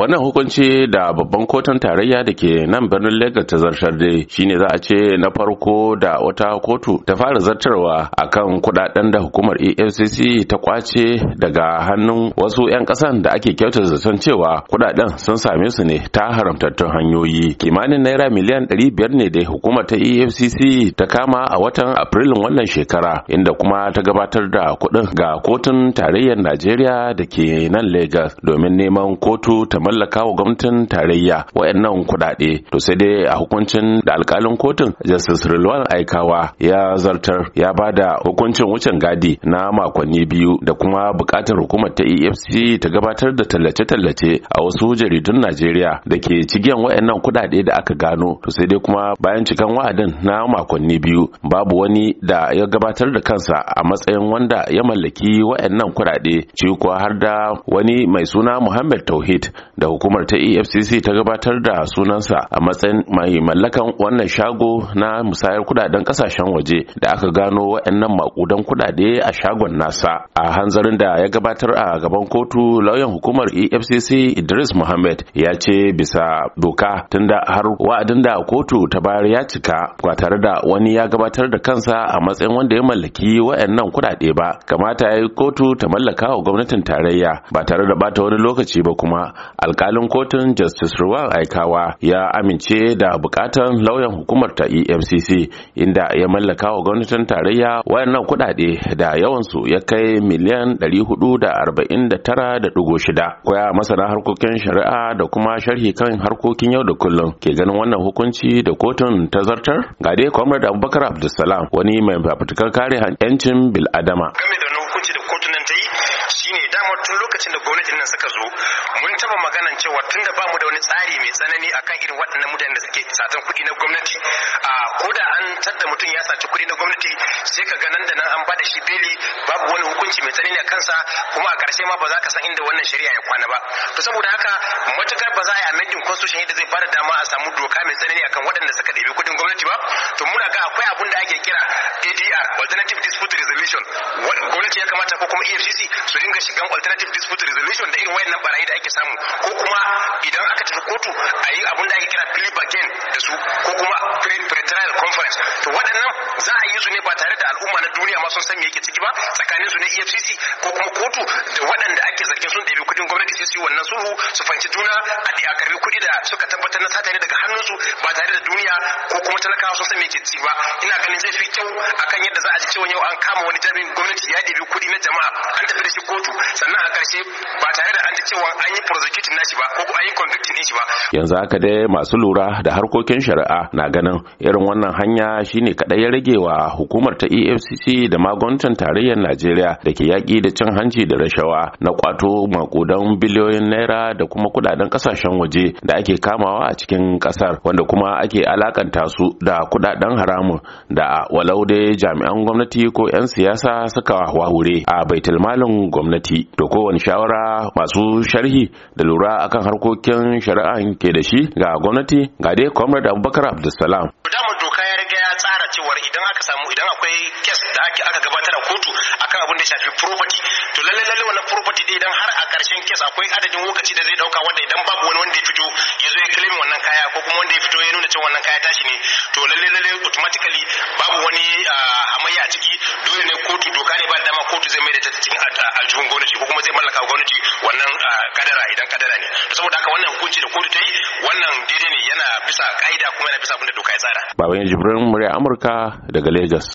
wannan hukunci da babban kotun tarayya da ke nan birnin lagos ta zartar dai shine za a ce na farko da wata kotu ta fara zartarwa a kan kudaden da hukumar efcc ta kwace daga hannun wasu 'yan kasan da ake kyautar zaton cewa kudaden sun same su ne ta haramtattun hanyoyi kimanin naira miliyan 500 ne da hukumar ta efcc ta kama a watan afrilun wannan shekara inda kuma ta gabatar da kudin ga kotun tarayyar najeriya da ke nan lagos domin neman kotu ta mallaka wa gwamnatin tarayya wayannan kudade, to sai dai a hukuncin da alkalin kotun justice rilwan aikawa ya zartar ya ba da hukuncin wucin gadi na makonni biyu da kuma buƙatar hukumar ta EFC ta gabatar da tallace-tallace a wasu jaridun najeriya da ke cigiyan wayannan kudade da aka gano to sai dai kuma bayan cikan wa'adin na makonni biyu babu wani da ya gabatar da kansa a matsayin wanda ya mallaki wayannan kudade, ci kuwa har da wani mai suna muhammad tauhid da hukumar ta efcc ta gabatar da sunansa a matsayin mai mallakan wannan shago na musayar kudaden kasashen waje da aka gano wa'annan makudan kudade a shagon nasa a hanzarin da ya gabatar a gaban kotu lauyan hukumar efcc idris muhammad ya ce bisa doka tunda har wa'adin da kotu ta bayar ya cika ba tare da wani ya gabatar da kansa a matsayin wanda ya mallaki wa'annan kudade ba kamata ya yi kotu ta mallaka wa gwamnatin tarayya ba tare da bata wani lokaci ba kuma alkalin kotun justice ruwan aikawa ya amince da bukatan lauyan hukumar ta efcc inda ya mallaka wa gwamnatin tarayya wayannan kudade da yawansu ya kai miliyan 449.6 koya masana harkokin shari'a da kuma sharhi kan harkokin yau da kullum ke ganin wannan hukunci da kotun ta zartar ga dai comrade abubakar abdulsalam wani mai fafutukar kare 'yancin bil'adama game da hukunci da ta yi shine dama tun lokacin da gwamnatin nan suka zo mun taba maganan cewa tun da bamu da wani tsari mai tsanani akan irin waɗannan mutanen da suke satan kuɗi na gwamnati a koda an tadda mutum ya saci kuɗi na gwamnati sai ka ga da nan an bada shi beli babu wani hukunci mai tsanani a kansa kuma a ƙarshe ma ba za ka san inda wannan shari'a ya kwana ba to saboda haka matukar ba za a yi amending constitution yadda zai bada dama a samu doka mai tsanani akan waɗanda suka ɗebi kuɗin gwamnati ba to muna ga akwai abun da ake kira ADR alternative dispute resolution gwamnati ya kamata ko kuma EFCC su dinga shigan alternative dispute resolution da irin wayannan barayi da ake samu ko kuma idan aka tafi kotu a yi abun da ake kira plea bargain da su ko kuma pre-trial conference to waɗannan za a yi su ne ba tare da al'umma na duniya ma sun san me yake ciki ba tsakanin su na EFCC ko kuma kotu da waɗanda ake sai su wannan sulhu su fanci juna a da karbi kuɗi da suka tabbatar na sata ne daga hannunsu ba tare da duniya ko kuma talakawa sun san me ke ci ba ina ganin zai fi kyau akan yadda za a ji cewa yau an kama wani jami'in gwamnati ya ɗebi kuɗi na jama'a an tafi da shi kotu sannan a ƙarshe ba tare da da cewa an yi prosecuting nashi ba ko an yi convicting nashi ba yanzu haka dai masu lura da harkokin shari'a na ganin irin wannan hanya shine kadai ya rage wa hukumar ta EFCC da magwantan tarayyar Najeriya da ke yaƙi da cin hanci da rashawa na kwato makudan biliyoyin naira da kuma kudaden kasashen waje da ake kamawa a cikin kasar wanda kuma ake alakanta su da kudaden haramun da walau dai jami'an gwamnati ko 'yan siyasa suka wahure a baitulmalin gwamnati to kowane shawara masu masu sharhi da lura akan harkokin shari'a ke da shi ga gwamnati ga dai comrade abubakar abdulsalam tsara cewar idan aka samu idan akwai kes da aka gabatar a kotu akan abin da shafi property to lalle lalle wannan property dai idan har a karshen kes akwai adadin lokaci da zai dauka wanda idan babu wani wanda ya fito ya zo ya claim wannan kaya ko kuma wanda ya fito ya nuna cewa wannan kaya tashi ne to lalle lalle automatically babu wani ah, hamayya a ciki dole ne kotu doka ne ba dama kotu zai mai da ta cikin aljihun gwamnati ko kuma zai mallaka gwamnati wannan kadara idan kadara ne saboda haka wannan hukunci da kotu ta yi wannan daidai ne yana bisa ka'ida kuma yana bisa abin da doka ya tsara baban jibrin murya amurka daga lagos